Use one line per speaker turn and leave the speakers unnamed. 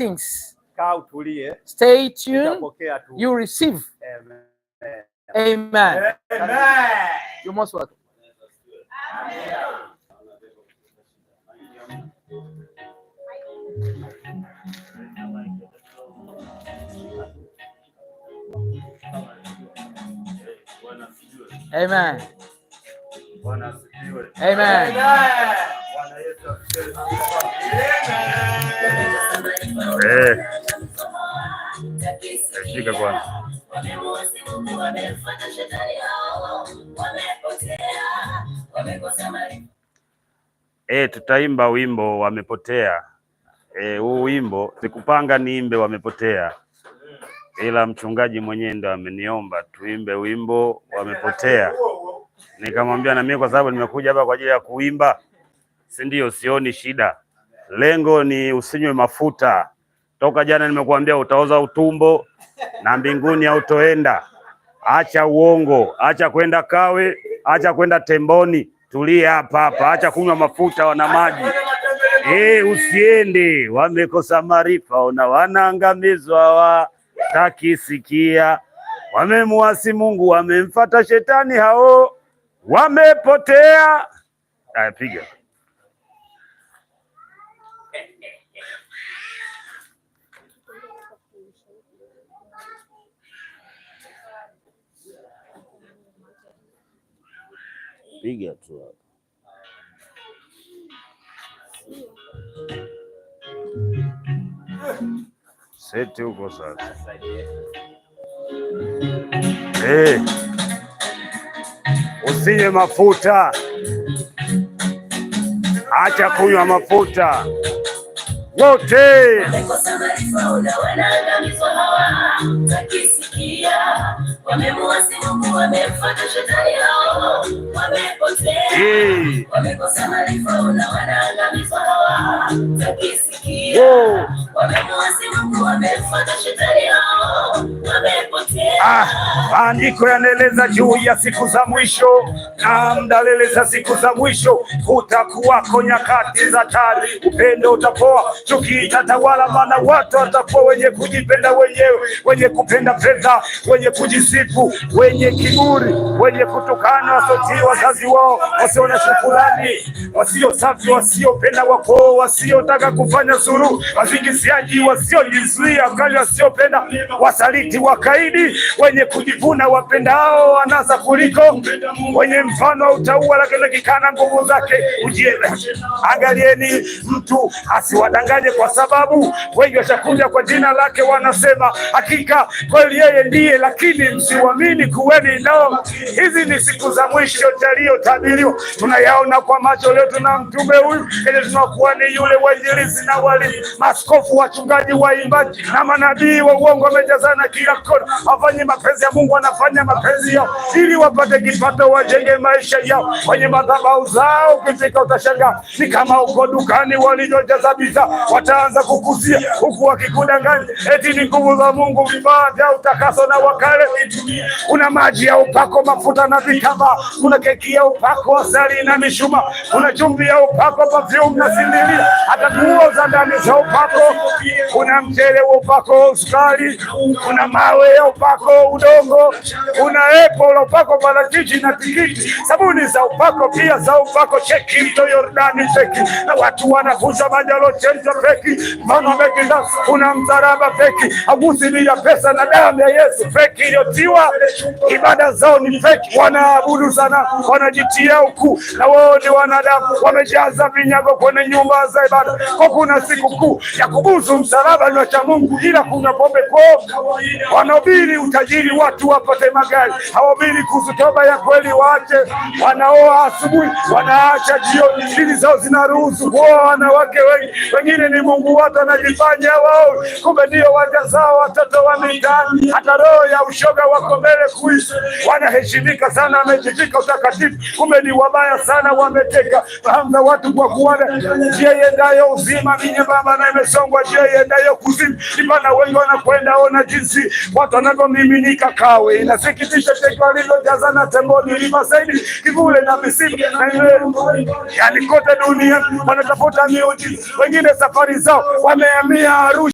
things. Stay tuned. You receive. Amen. Amen.
Amen.
You must work. Amen. Amen. Amen. Shika kwanza.
Eh, tutaimba wimbo wamepotea. Eh, huu wimbo sikupanga niimbe wamepotea, ila mchungaji mwenyewe ndo ameniomba tuimbe wimbo wamepotea. Nikamwambia na mimi kwa sababu nimekuja hapa kwa ajili ya kuimba, si ndio? Sioni shida, lengo ni usinywe mafuta. Toka jana nimekuambia utaoza utumbo na mbinguni hautoenda. Acha uongo, acha kwenda Kawe, acha kwenda Temboni, tulie hapa hapa, acha kunywa mafuta wana maji Hey, eh, usiende. Wamekosa maarifa, ona wanaangamizwa, takisikia Wamemuasi Mungu, wamemfata shetani, hao wamepotea. Aya, piga piga tu hapa. Seti huko sasa. Hey, eh. usinywe mafuta, acha kunywa mafuta wote wamemuasi Mungu, wamemfuata shetani hao, wamepotea,
wamekosa maarifa na wanaangamizwa hawa. Takisikia wamemuasi Mungu, wamemfuata shetani hao, wamepotea Maandiko ah, yanaeleza juu ya siku za mwisho, namdaleleza siku za mwisho, kutakuwako nyakati za tari, upendo utapoa, chuki itatawala, maana watu watakuwa wenye kujipenda wenyewe, wenye kupenda fedha, wenye kujisifu, wenye kiburi, wenye kutukana, wasiotii wazazi wao, wasio na shukurani, wasio safi, wasiopenda wakoo, wasiotaka kufanya suluhu, wazingiziaji, wasiojizuia kali, wasiopenda wasaliti, wakaidi wenye kujivuna wapendao anasa kuliko wenye mfano wa lakini kikana nguvu zake ujiele. Angalieni mtu asiwadanganye, kwa sababu wengi washakuja kwa jina lake, wanasema hakika kweli yeye ndiye, lakini msiwamini. Kuweni nao. Hizi ni siku za mwisho yaliyotabiriwa, tunayaona kwa macho leo. Tuna mtume huyu, kile tunakuwa ni yule wainjilizi na walimu, maskofu, wachungaji, waimbaji na manabii wa uongo wamejazana kila kona kwenye mapenzi ya Mungu, wanafanya mapenzi yao ili wapate kipato, wajenge maisha yao kwenye madhabahu zao. Ukifika utashangaa ni kama uko dukani walivyojaza bidhaa, wataanza kukuzia huku wakikudanganya eti ni nguvu za Mungu, vifaa vya utakaso na wakale. Kuna maji ya upako, mafuta na vitambaa, kuna keki ya upako, asali na mishuma, kuna chumvi ya upako, perfume na sindiria, hata nguo za ndani za upako, kuna mchele wa upako, sukari, kuna mawe ya upako upako udongo, unawepo na upako parachichi na tikiti, sabuni za upako pia za upako, cheki mto Yordani, feki, na watu wanavuza feki mama feki, na kuna msaraba feki, agusi ya pesa na damu ya Yesu peki iliyotiwa, ibada zao ni feki, wanaabudu sana, wanajitia huku na wao ni wanadamu, wamejaza vinyago kwenye nyumba za ibada. Kwa kuna siku kuu ya kubuzu msalaba ni wa cha Mungu, ila kuna pombe kwa wanaobiri uta matajiri, watu wapate magari. Hawaamini kuhusu toba ya kweli, waache wanaoa asubuhi, wanaacha jioni, dini zao zinaruhusu kuoa wanawake wengi. Wengine ni Mungu watu wanajifanya wao, kumbe ndio waja zao, watoto wa mitaani. Hata roho ya ushoga wako mbele kuishi, wanaheshimika sana, wamejivika utakatifu, kumbe ni wabaya sana, wameteka fahamu za watu kwa kuwana njia iendayo uzima ni nyembamba na imesongwa, njia iendayo kuzimu. Ipana wengi wanakwenda, ona jinsi watu wanavyo kumiminika Kawe. Inasikitisha taifa lililojazana tembo saidi kivule na misimu na yani, kote dunia wanatafuta miuji wengine safari zao wamehamia Arusha.